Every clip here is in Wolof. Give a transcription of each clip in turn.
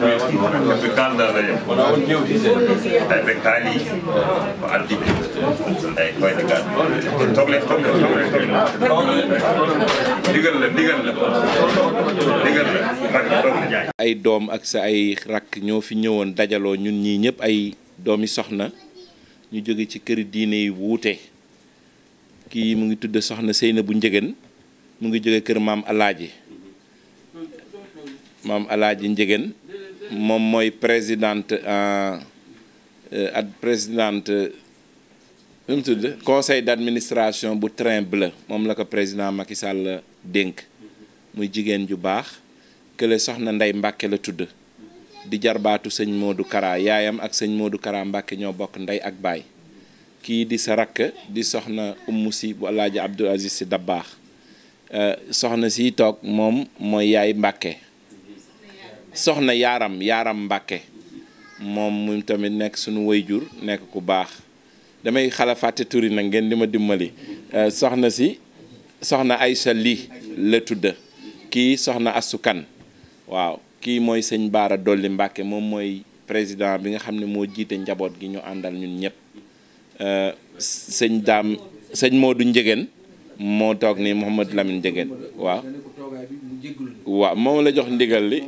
ay doom ak sa ay rakk ñoo fi ñëwoon dajaloo ñun ñii ñëpp ay doomi soxna ñu jóge ci kër diine yi wuute kii mu ngi tudd soxna Seyna bu Njëgën mu ngi jóge kër maam alaaji maam alaaji Njëgën moom mooy présidente en euh, euh, présidente nu mu tudd conseil d'administration bu Train Bleu moom la ko président Macky Sall dénk muy jigéen ju baax kële soxna Ndey Mbàkke la tudd di jarbaatu sëñ Modou Kara yaayam ak sëñ Modou Kara Mbàkke ñoo bokk ndey ak baay kii di sa rakk di soxna Umu Si bu Alaaji Abdou Aziz Si Dabaax euh, soxna siy toog moom mooy yaay Mbàkke soxna yaaram yaaram Mbàkke moom mu tamit nekk suñu way jur nekk ku baax damay xala fàtte turi nag ngeen di ma dimbali euh, soxna si soxna Aysa Li la tudda kii soxna asukan waaw kii mooy sëñ Baara Dolli Mbàkke moom mooy président bi nga xam ne moo jiite njaboot gi ñu àndal ñun ñëpp euh, sëñ daam sëñ du Njëgeen moo toog ni Mouhamadou Lamine Njëgeen waaw waaw moom la jox ndigal li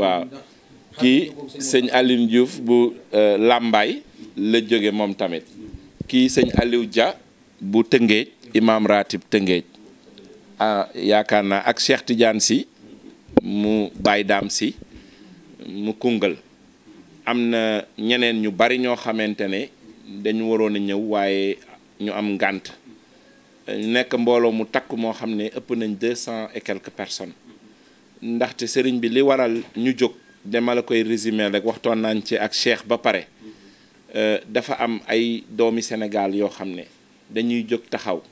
waaw kii sëñ Aline Diouf bu euh, làmbaay la jóge moom tamit kii sëñ Aliou ja bu Tëngéej imaam ratib Tëngéej yaakaar naa ak Cheikh Tidiane si mu Baye Dame si mu Koungheul am na ñeneen ñu bari ñoo xamante ne dañu waroon a ñëw waaye ñu am ngànt nekk mbooloo mu takk moo xam ne ëpp nañ deux cent et quelques personnes ndaxte sëriñ bi li waral ñu jóg dama koy résumé rek waxtoon nañ ci ak Cheikh ba pare euh, dafa am ay doomi Sénégal yoo xam ne dañuy jóg taxaw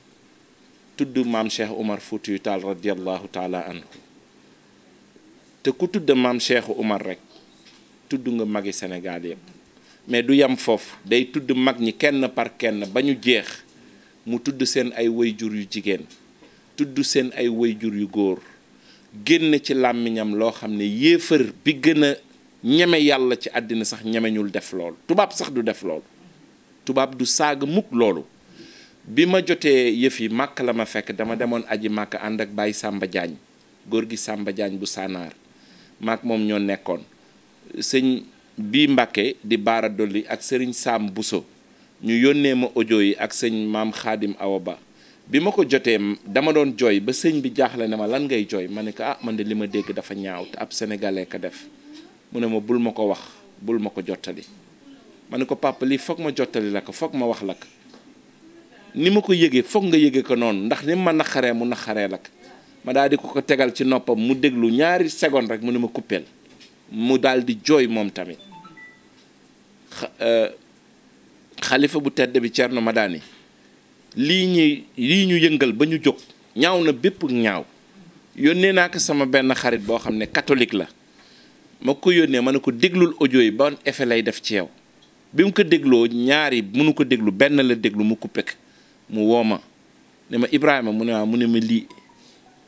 tudd maam Cheikh Omar Foutiyu Taal radiallahu taala anhu te ku tudd maam Cheikh Omar rek tudd nga magi Sénégal yëpp mais du yam foofu day tudd mag ñi kenn par kenn ba ñu jeex mu tudd seen ay wayjur yu jigéen tudd seen ay wayjur yu góor génn ci làmmiñam loo xam ne yéefar bi gën a ñeme yàlla ci àddina sax ñemeñul def lool tubaab sax du def lool tubaab du saaga mukk loolu bi ma jotee yëf yi màkk la ma fekk dama demoon aji màkk ànd ak Baye Samba Diagne góor gi Samba Diagne bu Sanaar maak moom ñoo nekkoon sëñ bii Mbàkke di baara dolli ak sëriñ Sam Bousso ñu yónnee ma ojo yi ak sëñ maam xaadim awa ba bi ma ko jotee dama doon jooy ba sëñ bi jaaxle ne ma lan ngay jooy ma ne ko ah man de li ma dégg dafa ñaaw te ab sénégalais ka def mu ne ma bul ma ko wax bul ma ko jottali ma ne ko papa foog ma jottali la ko foog ma wax la ni ma ko yëgee foog nga yëge ko noonu ndax ni ma naxaree mu naxaree la ko ma daal di ko ko tegal ci noppam mu déglu ñaari seconde rek mu ne ma kuppeel mu dal di jooy moom tamit euh, xalifa bu tedd bi Thierno Madani lii ñuy lii ñu yëngal ba ñu jóg ñaaw na bépp ñaaw yónnee naa ko sama benn xarit boo xam ne katolik la ma ko yónnee ma ne ko déglul ojo yi ban effet lay def ci yow bi mu ko dégloo ñaari mënu ko déglu benn la déglu mu coupé mu woo ma ne ma Ibrahima mu ne ma mu ne ma lii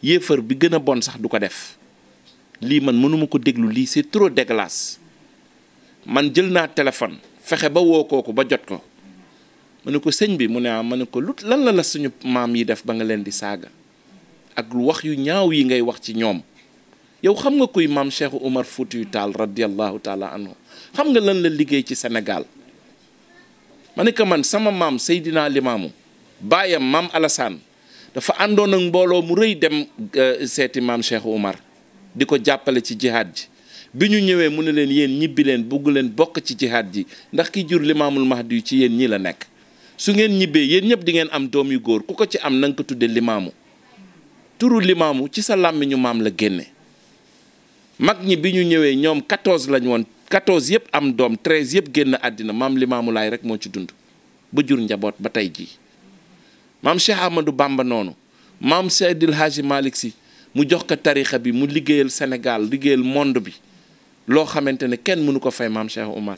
yéefar bi gën a bon sax du ko def lii man mënuma ko déglu lii c'est trop dégueulasse man jël naa téléphone. fexe ba woo kooku ba jot ko mu ne ko sëñ bi mu ne ah ma ne ko lu lan la la suñu maam yi def ba nga leen di saaga ak wax yu ñaaw yi ngay wax ci ñoom yow xam nga kuy maam Cheikh Umar Foutiyu Taal radiallahu taala anhu xam nga lan la liggéey ci Sénégal ma ne man sama maam Seydina Limaamu baayam maam Alassane dafa àndoon ak mbooloo mu rëy dem euh, seeti maam Cheikh Umar di ko jàppale ci jihaad ji bi ñu ñëwee mu ne leen yéen ñibbi leen bugg leen bokk ci jihaad ji ndax ki jur limaamul mahdi yu ci yéen ñi la nekk su ngeen ñibbee yéen ñëpp di ngeen am doom yu góor ku ko ci am na ko tuddee limaamu turu limaamu ci sa làmmiñu maam la génne mag ñi bi ñu ñëwee ñoom 14 lañ woon 14 yëpp am doom 13 yëpp génn àddina maam limaamu laay rek moo ci dund ba jur njaboot ba tey jii maam Cheikh Amadou Bamba noonu maam Seydil Hadji Malick si mu jox ko tarixa bi mu liggéeyal Sénégal liggéeyal monde bi loo xamante ne kenn mënu ko fay maam Cheikh Umar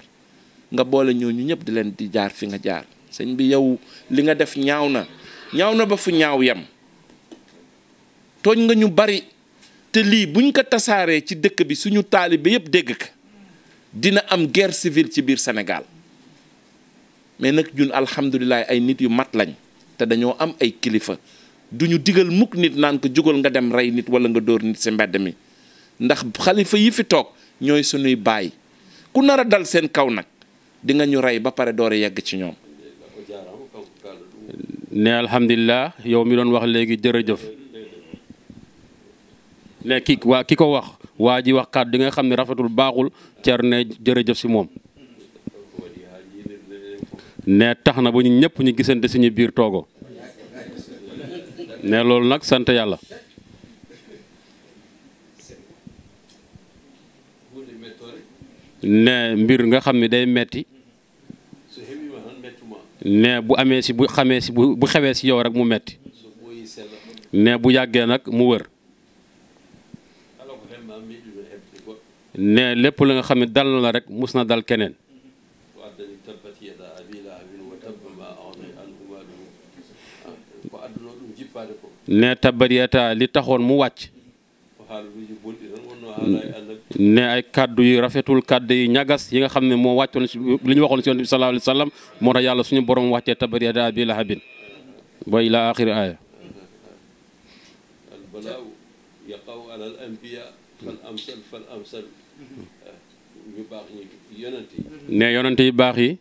nga boole ñooñu ñëpp di leen di jaar fi nga jaar sëñ bi yow li nga def ñaaw na ñaaw na ba fu ñaaw yem tooñ nga ñu bari te lii buñ ko tasaaree ci dëkk bi suñu taalibe yëpp dégg ko dina am guerre civile ci biir senegal mais nag jun alhamdulilah ay nit yu mat lañ te dañoo am ay kilifa duñu digal mukk nit naan ko jógal nga dem rey nit walla nga dóor nit si mbedd mi ndax xalifa yi fi toog. ñooy sunuy baay ku nar a dal seen kaw nag dinga ñu rey ba pare door a yegg ci ñoom. ne alhamdulilah yow mi doon wax léegi jërëjëf ne kii waa ki ko wax waa ji wax kàddu di nga xam ne rafetul baaxul cer ne jërëjëf si moom. ne tax na ba ñu ñëpp ñu gisante suñu biir toogo ne loolu nag sant yàlla. ne mbir nga xam ne day metti ne bu amee si bu xamee si bu xewee si yow rek mu metti ne bu yàggee nag mu wër ne lépp la nga xam ne dal na la rek mus na dal keneen ne tabbat li taxoon mu wàcc ne ay kàddu yu rafetul kàddu yu ñagas yi nga xam ne moo wàccoon si li ñu waxoon si yonent bi sallallahu alayhi yàlla suñu borom wàccee tabbat yadaa abii lahabin wa ilaa aaxiri aaya al-balaa'u baax yi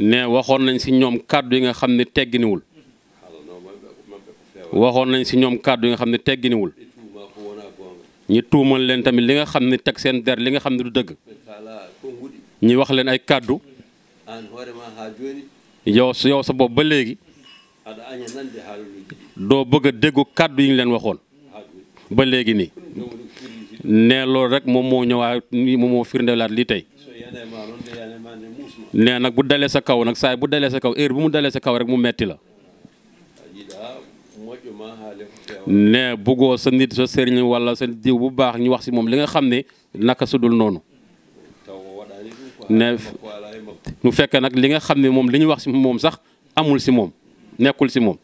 ne waxoon nañ si ñoom kàddu yi nga xam ne tegginiwul waxoon nañ si ñoom kàddu yi nga xam ne tegginiwul ñi tuumal leen tamit li nga xam ne teg seen der li nga xam ne du dëgg ñi wax leen ay kàddu yow yow sa bopp ba léegi doo bëgg a déggu kàddu yi ñu leen waxoon ba léegi nii nee loolu rek moom moo ñëwaat nii moom moo laat lii tey nee nag bu dalee sa kaw nag saay bu dalee sa kaw heure bu mu dalee sa kaw rek mu metti la ne bëggoo sa nit sa sëriñ wala sa diw bu baax ñu wax si moom li nga xam ne naka sudul noonu ne mu fekk nag li nga xam ne moom li ñu wax si moom sax amul si moom nekkul si moom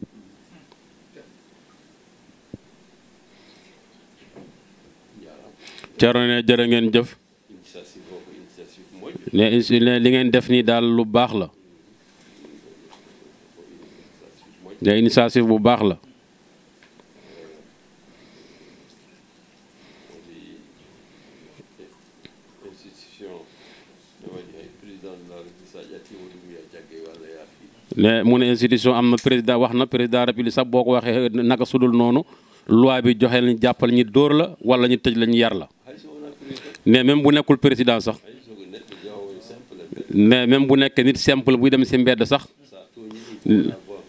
Ceerno ne ngeen jëf ne ne li ngeen def nii daal lu baax la ne initiative bu baax la ne mu ne institution am na président wax na président république sax boo ko waxee naka sudul noonu loi bi joxee lañ jàppale ñi dóor la wala ñu tëj la ñu yar la ne même bu nekkul président sax ne même bu nekkee nit simple buy dem si mbedd sax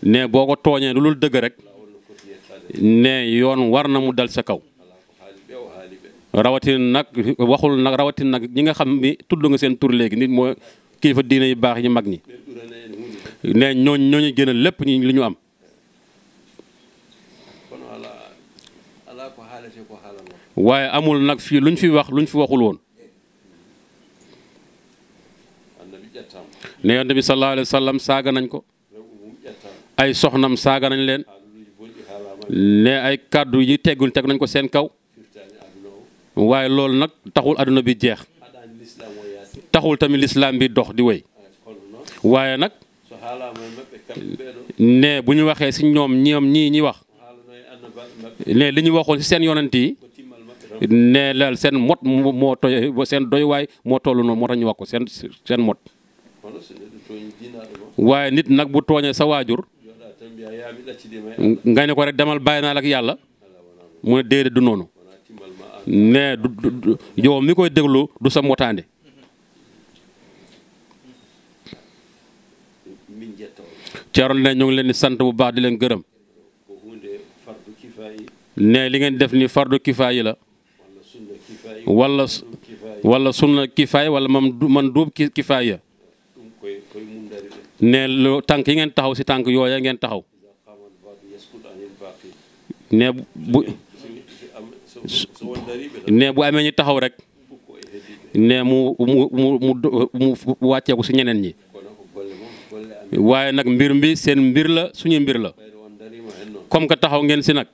ne boo ko tooñee lu dul dëgg rek ne yoon war na mu dal sa kaw rawatin nag waxul nag rawatin nag ñi nga xam ni tudd nga seen tur léegi nit moo kilifa diine yu baax yi mag ñi ne ñoo ñooñu gënal lépp ñi li ñu am waaye amul nag fii luñ fi wax luñ fi waxul woon ne yonent bi nañ ko ay soxnam saaga nañ leen ne ay kàddu yi teggul teg nañ ko seen kaw waaye loolu nag taxul àdduna bi jeex taxul tamit lislaam bi dox di wéy waaye nag ne bu ñu waxee si ñoom ñoom ñii ñi wax ne li ñu waxoon si seen yonent yi ne la seen mot moo toy seen doywaay moo toll noonu moo tax ñu wax ko seen seen mot waaye nit nag bu tooñee sa waajur nga ne ko rek demal bàyyi naa la yàlla mu ne déedéet du noonu ne du yow mi koy déglu du sa motaande Thierno ne ñu ngi leen di sant bu baax di leen gërëm ne li ngeen def ni fardu kifaay la wala wala sunna kifaay wala man duub kifaay ya ne lu tànk yi ngeen taxaw si tànk yooya ngeen taxaw ne bu ne bu amee ñu taxaw rek ne mu mu mu mu wàcceeku si ñeneen ñi. waaye nag mbir mi seen mbir la suñu mbir la comme que taxaw ngeen si nag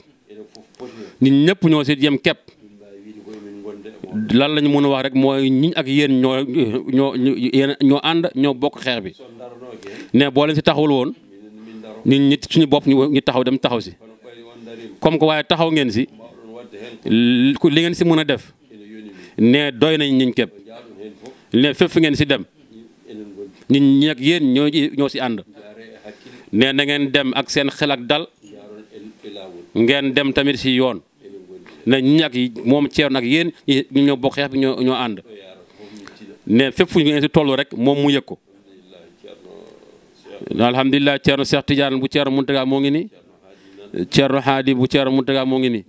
nit ñëpp ñoo si yem kepp lan la ñu mën a wax rek mooy ñiñ ak yéen ñoo ñoo ñoo ànd ñoo bokk xeex bi ne boo si taxawul woon nit ñi suñu bopp ñu taxaw dem taxaw si comme que waaye taxaw ngeen si li ngeen si mën a def ne doy nañ ñiñ képp ne fépp ngeen si dem. nit ñi nag yéen ñoo ñoo si ànd nee na ngeen dem ak seen xel ak dal ngeen dem tamit si yoon ne ñi ak moom Thierno ak yéen ñu ñoo bokk xeex bi ñoo ñoo ànd ne fépp fu ñu si toll rek moom mu yëg ko alhamdulilah Thierno Cheikh Tidiane bu Thierno Mountaga moo ngi nii Thierno Hadi bu Thierno Mountaga moo ngi nii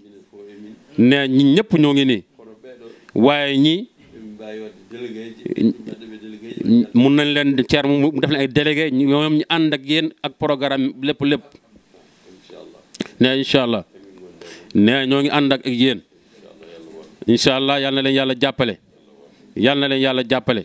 ne ñi ñëpp ñoo ngi nii waaye ñi mun nañ leen ceer mu def leen ay délégué ñoom ñu ànd ak yéen ak programme lépp lépp ne incha allah ne ñoo ngi ànd ak ak yéen incha allah yal na leen yàlla jàppale yal na leen yàlla jàppale.